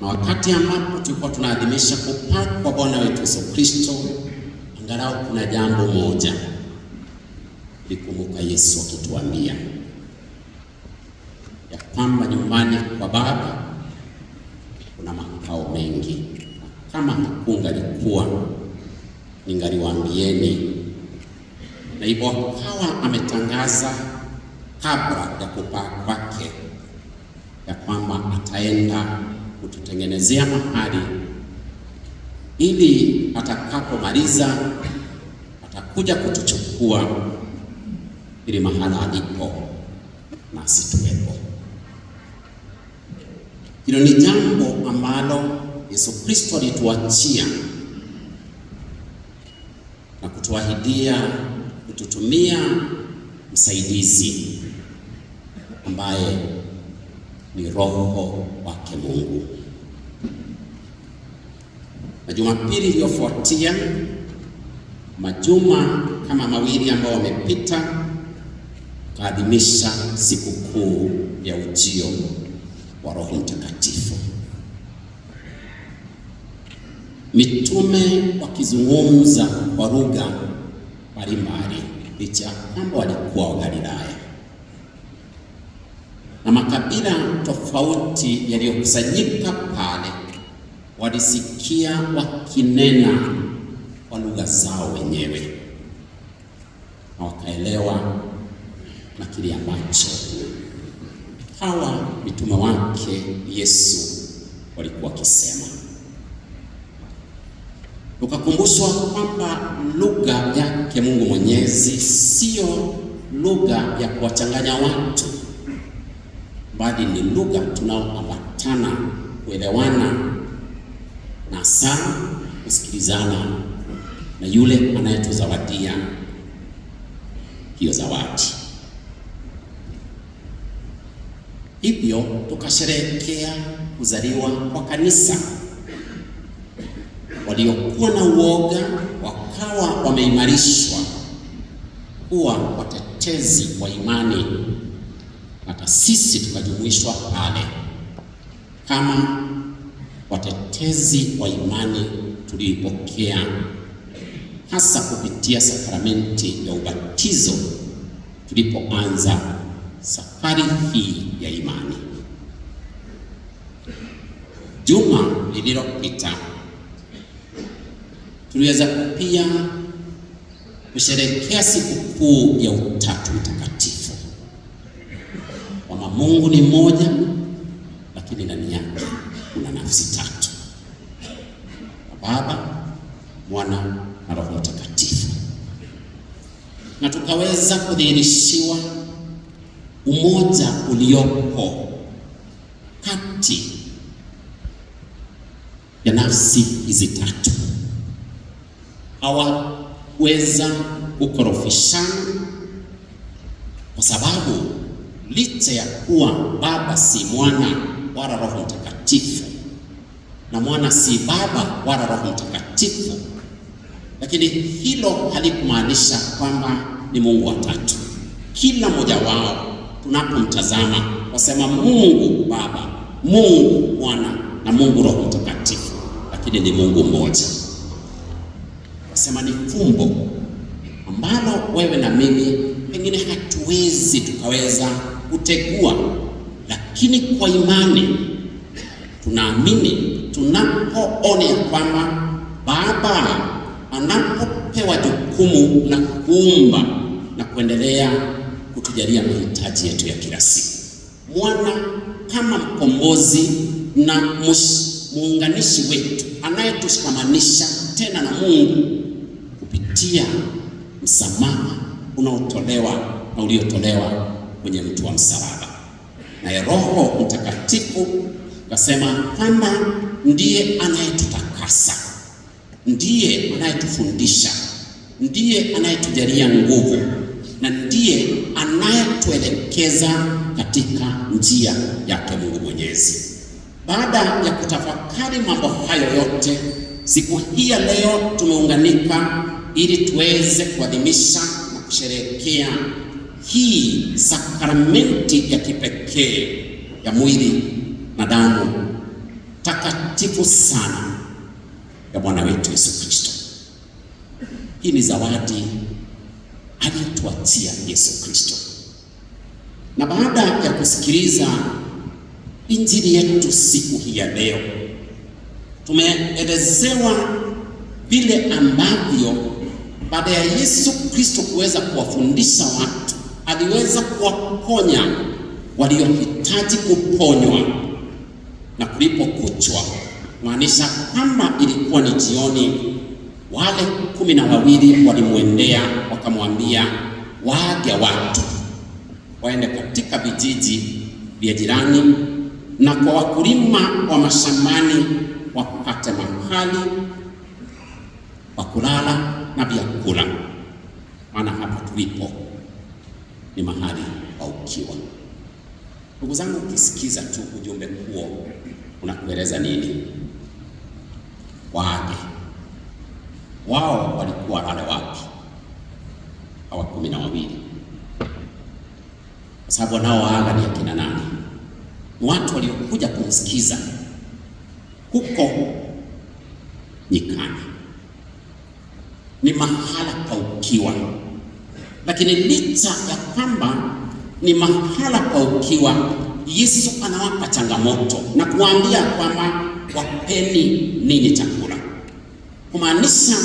na wakati ambapo tulikuwa tunaadhimisha kwa Bwana wetu Yesu Kristo, angalau kuna jambo moja likumbuka Yesu akituambia ya kwamba nyumbani kwa Baba kuna makao mengi, kama hakungalikuwa ningaliwaambieni. Na hivyo akawa ametangaza kabla ya kupaa kwake ya kwamba ataenda kututengenezea mahali ili atakapomaliza atakuja kutuchukua ili mahala alipo nasi tuwepo. Hilo ni jambo ambalo Yesu Kristo alituachia na kutuahidia kututumia msaidizi ambaye ni roho wake Mungu. Na Jumapili iliyofuatia majuma kama mawili ambayo wamepita, kaadhimisha sikukuu ya ujio wa Roho Mtakatifu. Mitume wakizungumza kwa lugha mbalimbali, licha kwamba walikuwa Wagalilaya na makabila tofauti yaliyokusanyika pale walisikia wakinena kwa lugha zao wenyewe, na wakaelewa na kile ambacho hawa mitume wake Yesu walikuwa wakisema. Ukakumbushwa kwamba lugha yake Mungu Mwenyezi siyo lugha ya kuwachanganya watu bali ni lugha tunaoambatana kuelewana na sana kusikilizana na yule anayetuzawadia hiyo zawadi. Hivyo tukasherehekea kuzaliwa kwa kanisa. Waliokuwa na uoga wakawa wameimarishwa kuwa watetezi wa imani sisi tukajumuishwa pale kama watetezi wa imani tuliipokea hasa kupitia sakramenti ya ubatizo tulipoanza safari hii ya imani. Juma lililopita tuliweza pia kusherehekea sikukuu ya Utatu Mtakatifu. Mungu ni mmoja, lakini ndani yake kuna nafsi tatu: Baba, Mwana na Roho Mtakatifu, na tukaweza kudhihirishiwa umoja uliopo kati ya nafsi hizi tatu. Hawaweza kukorofishana kwa sababu licha ya kuwa Baba si Mwana wala Roho Mtakatifu na Mwana si Baba wala Roho Mtakatifu, lakini hilo halikumaanisha kwamba ni Mungu watatu. Kila mmoja wao tunapomtazama wasema Mungu Baba, Mungu Mwana na Mungu Roho Mtakatifu, lakini ni Mungu mmoja. Wasema ni fumbo ambalo wewe na mimi pengine hatuwezi tukaweza kutegua, lakini kwa imani tunaamini tunapoona ya kwamba Baba anapopewa jukumu la kuumba na kuendelea kutujalia mahitaji yetu ya kila siku, mwana kama mkombozi na muunganishi wetu anayetushikamanisha tena na Mungu kupitia msamaha unaotolewa na uliotolewa kwenye mtu wa msalaba, naye Roho Mtakatifu kasema kwamba ndiye anayetutakasa, ndiye anayetufundisha, ndiye anayetujalia nguvu na ndiye anayetuelekeza katika njia yake Mungu Mwenyezi. Baada ya kutafakari mambo hayo yote, siku hii ya leo tumeunganika ili tuweze kuadhimisha na kusherehekea hii sakramenti ya kipekee ya mwili na damu takatifu sana ya Bwana wetu Yesu Kristo. Hii ni zawadi aliyotuachia Yesu Kristo. Na baada ya kusikiliza injili yetu siku hii ya leo, tumeelezewa vile ambavyo baada ya Yesu Kristo kuweza kuwafundisha watu aliweza kuwaponya waliohitaji kuponywa na kuchwa, maanisha kama ilikuwa ni jioni, wale kumi na wawili walimwendea wakamwambia waage watu waende katika vijiji vya jirani na kwa wakulima wa mashambani wapate mahali ni mahali pa ukiwa. Ndugu zangu, ukisikiza tu ujumbe huo unakueleza nini? Waage wao walikuwa wale wapi? Hawa kumi na wawili, kwa sababu wanaowaaga ni akina nani? Ni watu waliokuja kumsikiza huko nyikani, ni mahala pa ukiwa. Lakini licha ya kwamba ni mahala pa ukiwa, Yesu anawapa changamoto na kuwaambia kwamba wapeni ninyi chakula, kumaanisha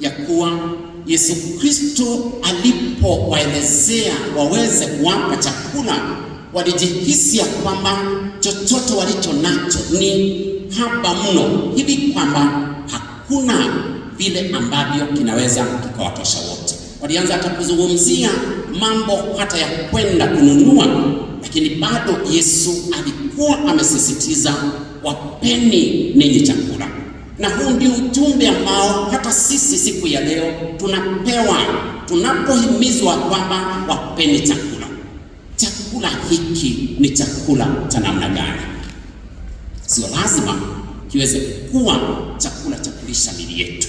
ya kuwa Yesu Kristo alipowaelezea waweze kuwapa chakula, walijihisi ya kwamba chochote walicho nacho ni haba mno, hivi kwamba hakuna vile ambavyo kinaweza kikawatosha wote walianza hata kuzungumzia mambo hata ya kwenda kununua, lakini bado Yesu alikuwa amesisitiza wapeni ninyi chakula, na huu ndio ujumbe ambao hata sisi siku ya leo tunapewa tunapohimizwa kwamba wapeni chakula. Chakula hiki ni chakula cha namna gani? Sio lazima kiweze kuwa chakula cha kulisha mili yetu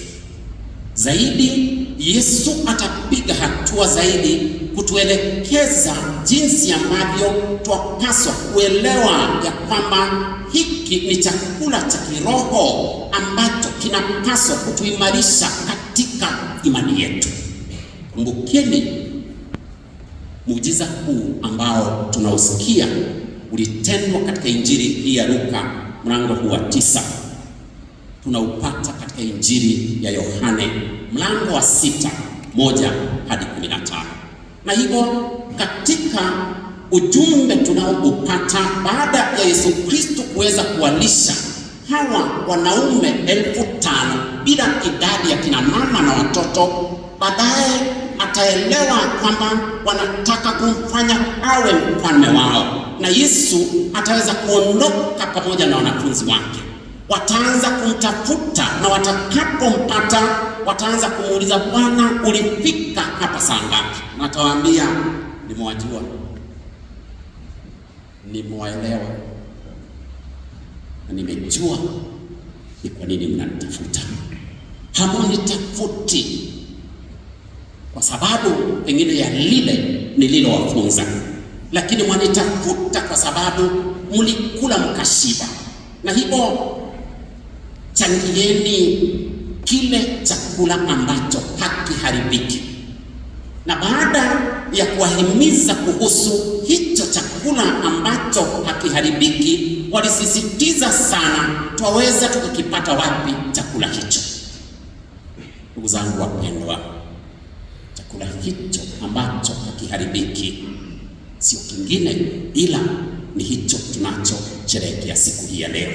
zaidi Yesu atapiga hatua zaidi kutuelekeza jinsi ambavyo twapaswa kuelewa ya kwamba hiki ni chakula cha kiroho ambacho kinapaswa kutuimarisha katika imani yetu. Kumbukeni muujiza huu ambao tunausikia ulitendwa katika Injili hii ya Luka mlango huu wa tisa, tunaupata katika Injili ya Yohane mlango wa sita moja hadi kumi na tano na hivyo katika ujumbe tunaoupata baada ya Yesu Kristo kuweza kuwalisha hawa wanaume elfu tano bila idadi ya kina mama na watoto, baadaye ataelewa kwamba wanataka kumfanya awe mfalme wao, na Yesu ataweza kuondoka pamoja na wanafunzi wake wataanza kumtafuta na watakapompata wataanza kumuuliza, Bwana, ulifika hapa saa ngapi? Na atawaambia nimewajua, nimewaelewa na nimejua ni kwa nini mnanitafuta. Hamunitafuti kwa sababu pengine ya lile nililowafunza, lakini mwanitafuta kwa sababu mlikula mkashiba, na hivyo changieni kile chakula ambacho hakiharibiki. Na baada ya kuwahimiza kuhusu hicho chakula ambacho hakiharibiki, walisisitiza sana, twaweza tukakipata wapi chakula hicho? Ndugu zangu wapendwa, chakula hicho ambacho hakiharibiki sio kingine ila ni hicho tunachosherehekea siku hii ya leo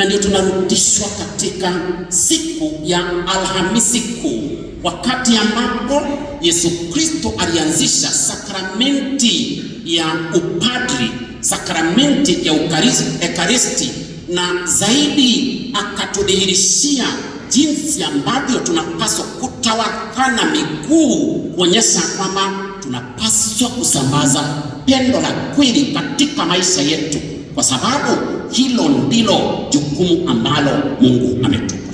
na ndio tunarudishwa katika siku ya Alhamisi Kuu, wakati ambapo Yesu Kristo alianzisha sakramenti ya upadri, sakramenti ya Ekaristi, na zaidi akatudhihirishia jinsi ambavyo tunapaswa kutawakana miguu kuonyesha kwamba tunapaswa kusambaza pendo la kweli katika maisha yetu kwa sababu hilo ndilo jukumu ambalo Mungu ametupa.